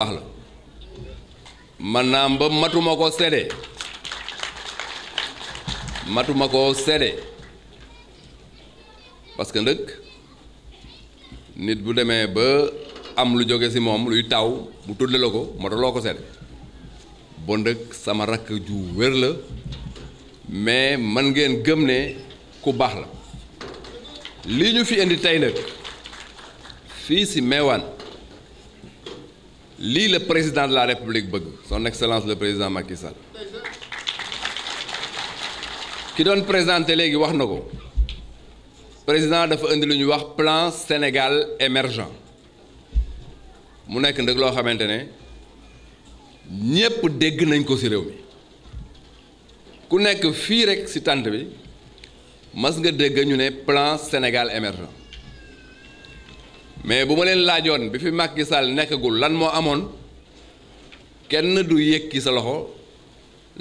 baax la man naa ba matuma ko seede matuma ko seede parce que ndëkk nit bu demee ba am lu jóge ci moom luy taaw bu tuddee la ko moo ko seede bon ndëkk sama rakk ju wér la mais man ngeen gëm ne ku baax la lii ñu fi indi tey nag fii ci meewaan lii la président de la république bëgg son excellence le président Macky Sall ki doon présenté léegi wax na ko président dafa indi lu ñuy wax plan Sénégal émergent mu nekk nag loo xamante ne ñépp dégg nañ ko ci réew mi ku nekk fii rek ci tànt bi mas nga dégg ñu ne plan Sénégal émergent mais bu ma leen laajoon bi fi Macky Sall nekkagul lan moo amoon kenn du yëkki sa loxo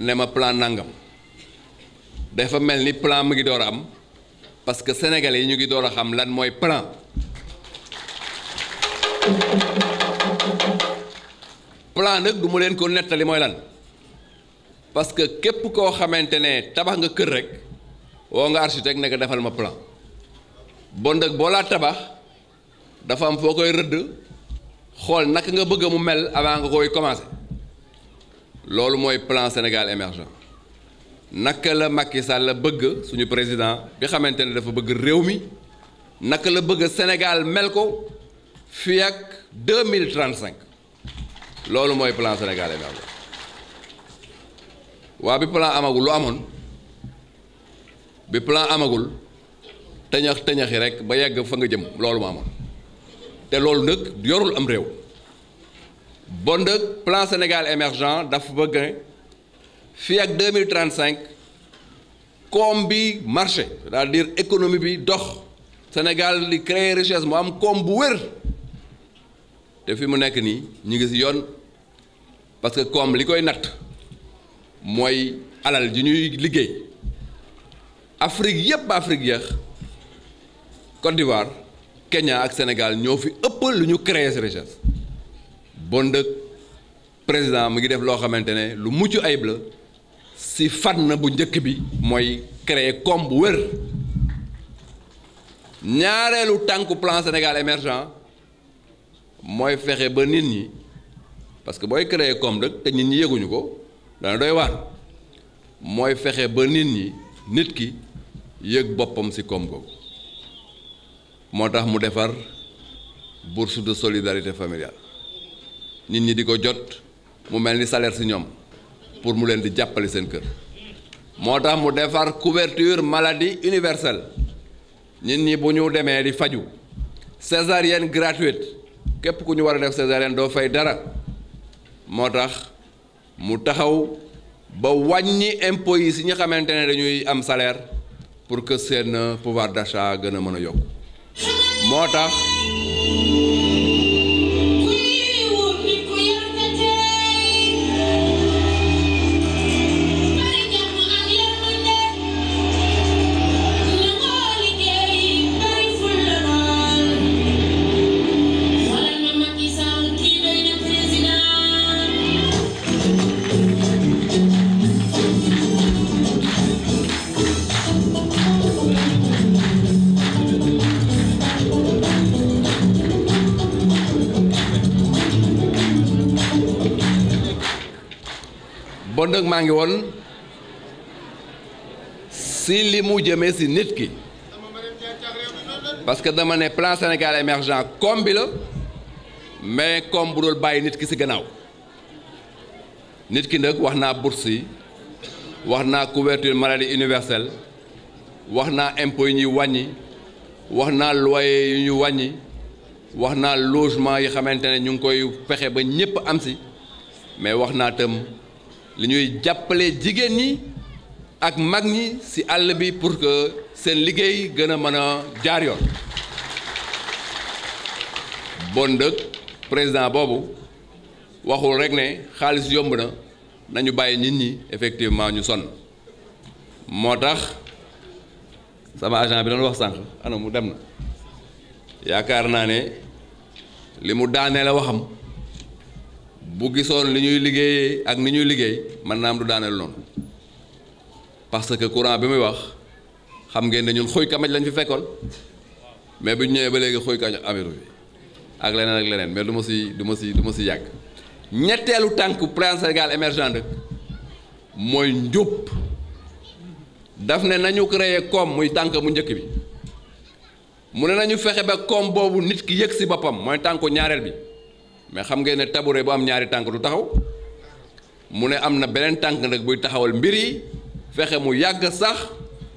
ne ma plan nangam dafa mel ni plan mu ngi door a am parce que sénégalais yi ñu ngi door a xam lan mooy plan plan nag duma leen ko nettali mooy lan parce que képp koo xamante ne tabax nga kër rek woo nga architecte ne ko defal ma plan bon nag boo laa tabax. dafa am foo koy rëdd xool naka nga bëgg mu mel avant nga koy commencé loolu mooy plan Sénégal émergent naka la Macky Sall la bëgg suñu président bi xamante ne dafa bëgg réew mi naka la bëgg Sénégal mel ko fii ak deux mille trente cinq loolu mooy plan Sénégal émergent waa bi plan amagu lu amoon bi plan amagul tëñax tëñaxi rek ba yàgg fa nga jëm loolu mu amoon. te loolu nag yorul am réew bon nag plan Sénégal émergent dafa bëgg fii ak 2035 koom bi marché cest diir économie bi dox Sénégal di créer richesse mu am koom bu wér te fi mu nekk nii ñu ngi si yoon parce que koom li koy natt mooy alal ji ñuy liggéey Afrique yépp Afrique yéex Côte d'Ivoire Kenya ak Sénégal ñoo fi ëpp lu ñu créer richesse bon dëkk président mu ngi def loo xamante ne lu mucc ayib la si fànn bu njëkk bi mooy créer koom bu wér ñaareelu tànku plan Sénégal émergent mooy fexe ba nit ñi parce que booy créer koom dëkk te nit ñi yëguñu ko dana doy waar mooy fexe ba nit ñi nit ki yëg boppam si koom googu moo tax mu defar bourse de solidarité familiale nit ñi di ko jot mu mel ni salaire si ñoom pour mu leen di jàppale seen kër moo tax mu defar couverture maladie universelle nit ñi bu ñu demee di faju césarienne gratuite képp ku ñu war a def césarienne doo fay dara moo tax mu taxaw ba wàññi impôts yi si ñu xamante ne dañuy am salaire pour que seen pouvoir d'achat gën a mën a yokk moo tax bon nag maa ngi woon si li mu jëmee si nit ki parce que dama ne plan Sénégal émergent comme bi la mais comme bu dul bàyyi nit ki ci gannaaw nit ki nag wax naa bourse si wax naa couverture maladie universelle wax naa impo yi ñuy wàññi wax naa loyer wàññi wax naa logement yi xamante ne ñu ngi koy fexe ba ñëpp am si mais wax naa tam li ñuy jàppale jigéen ñi ak mag ñi ci àll bi pour que seen liggéey gën a mën a jaar yoon bon dëkk président boobu waxul rek ne xaalis yomb na nañu bàyyi nit ñi effectivement ñu sonn moo tax sama agent bi doon wax sànq ana mu dem na yaakaar naa ne li mu daanee la waxam bu gisoon li ñuy liggéeyee ak ni ñuy liggéey man naam du daaneel noonu parce que courant bi muy wax xam ngeen ne ñun xuy kamaj lañ fi fekkoon mais bu ñu ñëwee ba léegi xuy kamaj amir bi ak leneen ak leneen mais du ma si du ma si du ma si yàgg ñetteelu tànk plan Sénégal émergent dëkk mooy njub daf ne nañu créer koom muy tànk mu njëkk bi mu ne nañu fexe ba koom boobu nit ki yëg si boppam mooy tànku ñaareel bi mais xam ngeen ne tabouret bu am ñaari tànk du taxaw mu ne am na beneen tànk nag buy taxawal mbir yi fexe mu yàgg sax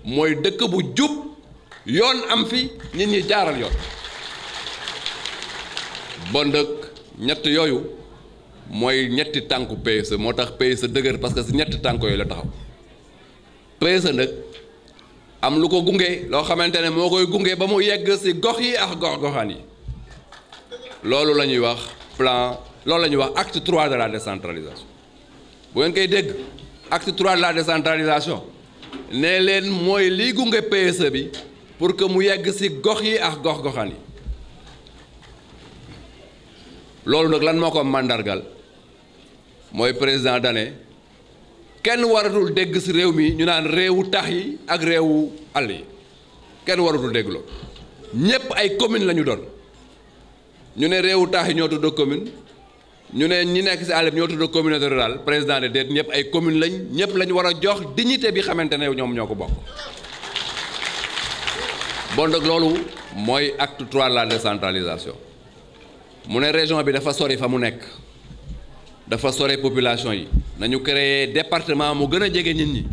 mooy dëkk bu jub yoon am fi nit ñi jaaral yoon bon dëkk ñett yooyu mooy ñetti tànku PSE moo tax PSE dëgër parce que si ñetti tànk yooyu la taxaw PSE nag am lu ko gunge loo xamante ne moo koy gunge ba mu yegg si gox yi ak gox goxaan yi loolu la ñuy wax plan loolu la ñuy wax acte trois de la décentralisation bu ngeen koy dégg acte trois de la décentralisation ne leen mooy lii gunge PSE bi pour que mu yegg ci gox yi ak gox-goxaan yi loolu nag lan moo ko màndargal mooy président dane kenn waratul dégg ci réew mi ñu naan réewu tax yi ak wu àll yi kenn waratul dégg loolu ñépp ay commune la ñu doon ñu ne réewu taax yi ñoo tudd commune ñu ne ñi nekk si àll bi ñoo tudd communauté rurale président de DER ñëpp ay commune lañ ñëpp lañ war a jox dignité bi xamante ne ñoom ñoo ko bokk. bon donc loolu mooy acte trois la décentralisation mu ne région bi dafa sori fa mu nekk dafa sori population yi nañu créer département mu gën a jege nit ñi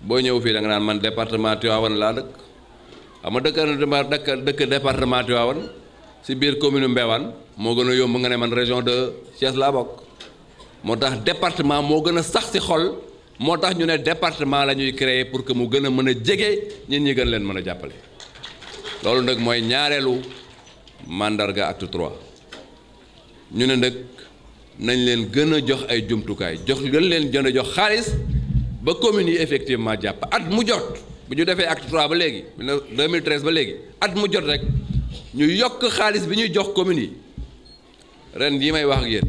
boo ñëw fii da nga naan man département Tivaouane laa dëkk xam nga dëkk dëkk département Tivaouane. si biir commune Mbéwane moo gën a yomb nga ne man région de Thiès laa bokk moo tax département moo gën a sax si xol moo tax ñu ne département la ñuy créer pour que mu gën a mën a jege ñun ñi gën leen mën a jàppale loolu nag mooy ñaareelu mandarga acte 3 ñu ne nag nañ leen gën a jox ay jumtukaay jox gën leen gën a jox xaalis ba communes yu effectivement jàpp at mu jot bu ñu defee acte 3 ba léegi 2013 ba léegi at mu jot rek ñu yokk xaalis bi ñuy jox communes yi ren yi may wax ak yéen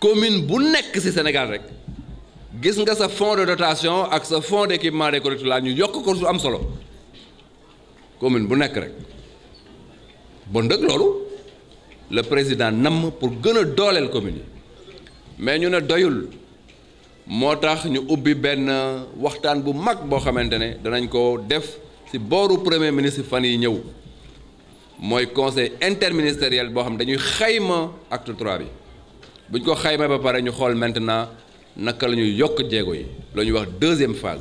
commune bu nekk ci Sénégal rek gis nga sa fonds de dotation ak sa fonds d'équipement des collectivités ñu yokk ko su am solo commune bu nekk rek bon dëgg loolu le président namm pour gën a dooleel commune yi mais ñu ne doyul moo tax ñu ubbi benn waxtaan bu mag boo xamante ne danañ ko def ci booru premier ministre fan yi ñëw mooy conseil interministériel boo xam dañuy xayma acte trois bi bu ñu ko xayma ba pare ñu xool maintenant naka la ñuy yokk jéego yi la ñuy wax deuxième phase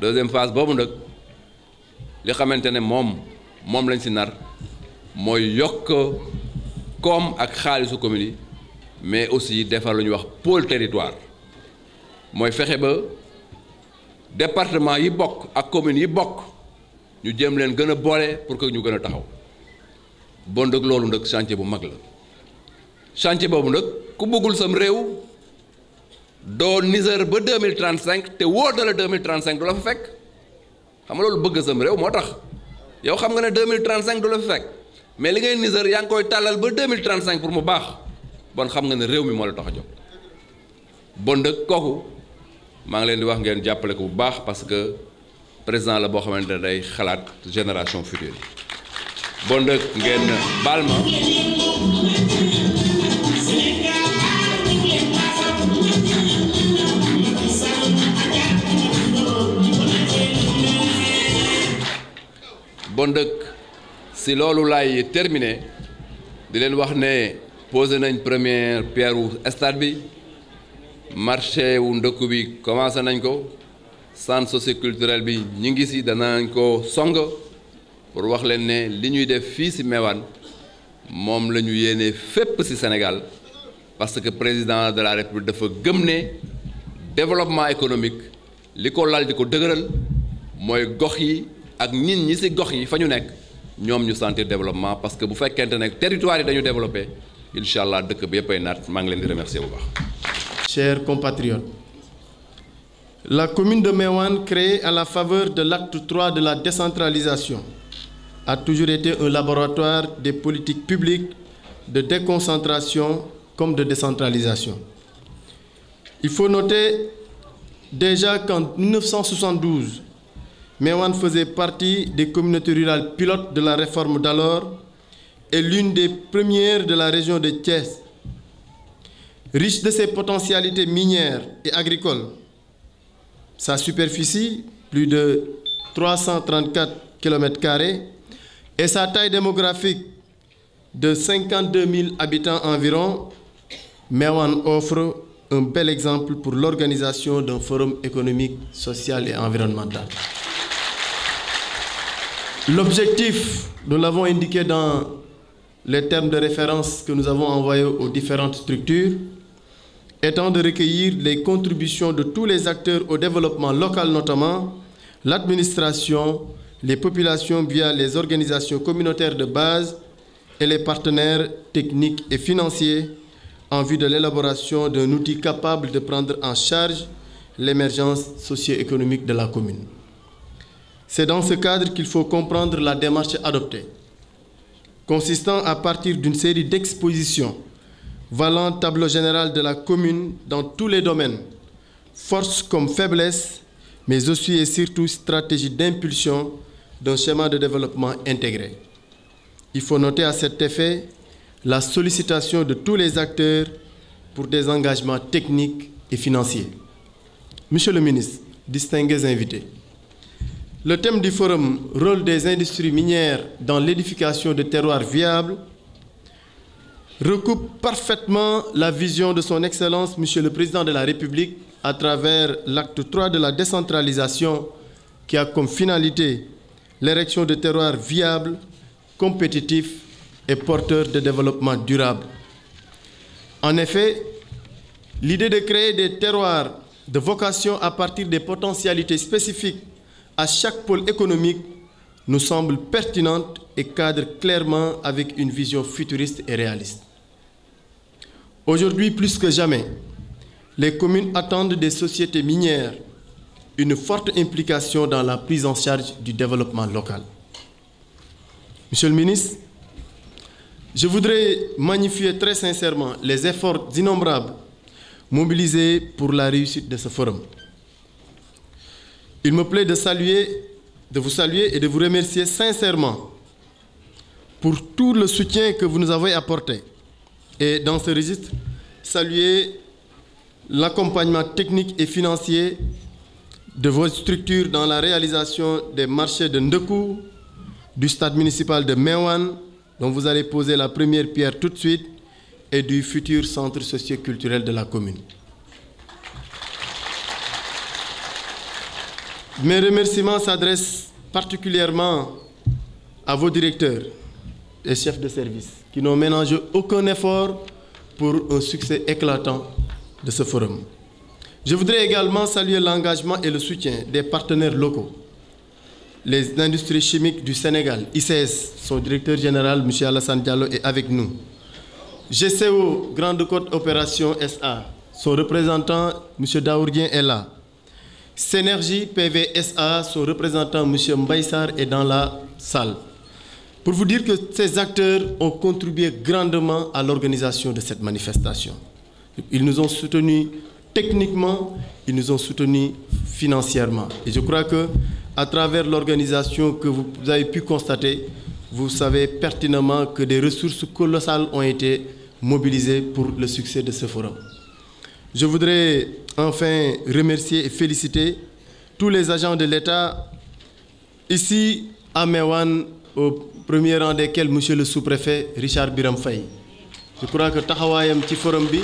deuxième phase boobu nag li xamante ne moom moom lañ si nar mooy yokk koom ak xaalisu commune yi mais aussi defar lu ñuy wax pôle territoire mooy fexe ba département yi bokk ak commune yi bokk ñu jéem leen gën a boole pour que ñu gën a taxaw bon nag loolu nag chantier bu mag la chantier boobu nag ku bëggul sam réew doo Niger ba 2035 te wóor na la 2035 du la fa fekk xam nga loolu bëgg sam réew moo tax yow xam nga ne 2035 du la fa fekk mais li ngay Niger yaa ngi koy tàllal ba 2035 pour mu baax bon xam nga ne réew mi moo la tax a jóg bon nag kooku maa ngi leen di wax ngeen jàppale ko bu baax parce que président la boo xamante ne day xalaat génération future yi bon nag ngeen bon nag si loolu lay terminé di leen wax ne posé nañ première pierre wu stade bi marché ndëkku bi commencé nañ ko centre socioculturel bi ñu ngi si danañ ko song pour wax leen ne li ñuy def fii ci Mewane moom la ñu yéenee fépp ci Sénégal parce que président de la République dafa gëm ne développement économique li ko lal di ko dëgëral mooy gox yi ak nit ñi ci gox yi fa ñu nekk ñoom ñu sentir développement parce que bu fekkente ne territoire yi dañu développé incha allah dëkk bi yëpp ay naat maa ngi leen di remercier bu baax. Chers compatriotes. La commune de Mewan, créée à la faveur de l'acte trois de la décentralisation, a toujours été un laboratoire des politiques publiques de déconcentration comme de décentralisation. Il faut noter déjà qu'en 1972, Mewan faisait partie des communautés rurales pilotes de la réforme d'alors est l'une des premières de la région de Thiès. Riche de ses potentialités minières et agricoles, sa superficie, plus de kilomètres km et sa taille démographique de 52 000 habitants environ, Mewan offre un bel exemple pour l'organisation d'un forum économique, social et environnemental. L'objectif, nous l'avons indiqué dans les termes de référence que nous avons envoyés aux différentes structures, étant de les contributions de tous les acteurs au développement local notamment, l'administration, les populations via les organisations communautaires de base et les partenaires techniques et financiers en vue de l'élaboration d'un outil capable de prendre en charge l'émergence socio-économique de la commune. C'est dans ce cadre qu'il faut comprendre la démarche adoptée, consistant à partir d'une série d'expositions valant tableau général de la commune dans tous les domaines, force comme faiblesses, mais aussi et surtout stratégie d'impulsion d'un schéma de développement intégré. Il faut noter à cet effet la sollicitation de tous les acteurs pour des engagements techniques et financiers. Monsieur le ministre, distingués invités, le thème du forum Rôle des industries minières dans l'édification de terroirs viables recoupe parfaitement la vision de son Excellence, Monsieur le Président de la République, à travers l'acte 3 de la décentralisation qui a comme finalité l'érection de terroirs viables, compétitifs et porteurs de développement durable. En effet, l'idée de créer des terroirs de vocation à partir des potentialités spécifiques à chaque pôle économique nous semble pertinente et cadre clairement avec une vision futuriste et réaliste. Aujourd'hui, plus que jamais, les communes attendent des sociétés minières une forte implication dans la prise en charge du développement local. Monsieur le ministre, je voudrais magnifier très sincèrement les efforts innombrables mobilisés pour la réussite de ce forum. Il me plaît de saluer, de vous saluer et de vous remercier sincèrement pour tout le soutien que vous nous avez apporté. Et dans ce registre, saluer l'accompagnement technique et financier de vos structures dans la réalisation des marchés de Ndekou, du stade municipal de Mewan, dont vous allez poser la première pierre tout de suite, et du futur centre socioculturel de la commune. Mes remerciements s'adressent particulièrement à vos directeurs et chefs de service qui n'ont ménagé aucun effort pour un succès éclatant de ce forum. Je voudrais également saluer l'engagement et le soutien des partenaires locaux. Les industries chimiques du Sénégal, ICS, son directeur général, M. Alassane Diallo, est avec nous. GCO, Grande Côte Opération SA, son représentant, M. Daourdien, est là. Sénergie PVSA, son représentant, M. Mbaïsar, est dans la salle. Pour vous dire que ces acteurs ont contribué grandement à l'organisation de cette manifestation. Ils nous ont soutenus techniquement, ils nous ont soutenus financièrement. Et je crois que à travers l'organisation que vous avez pu constater, vous savez pertinemment que des ressources colossales ont été mobilisées pour le succès de ce forum. Je voudrais enfin remercier et féliciter tous les agents de l'État ici à Mewan, au premier rang desquels Monsieur le sous-préfet Richard Biram fay Je crois que taxawaayam ci forum bi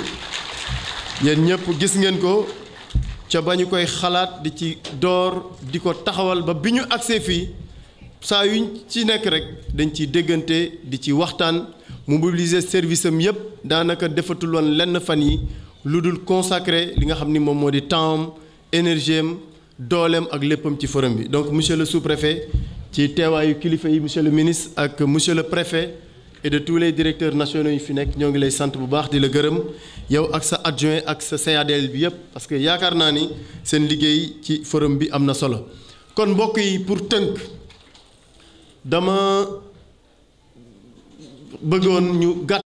yéen ñëpp gis ngeen ko ca ba ñu koy xalaat di ci door di ko taxawal ba bi ñu agsee fii saa yuñ ci nekk rek dañ ciy déggante di ci waxtaan mu mobiliser service am yëpp daanaka defatul woon lenn fan yi lu dul consacré li nga xam ni moom moo di temps am énergie am dooleem ak léppam ci forum bi donc monsieur le sous-préfet ci teewaayu kilifa yi monsieur le ministre ak monsieur le préfet et de tous les directeurs nationaux yu fi nekk ñoo ngi lay sant bu baax di la gërëm yow ak sa adjoint ak sa CADL bi yëpp parce que yaakaar naa ni seen liggéey ci forum bi am na solo kon mbokk yi pour tënk dama bëggoon ñu gàtt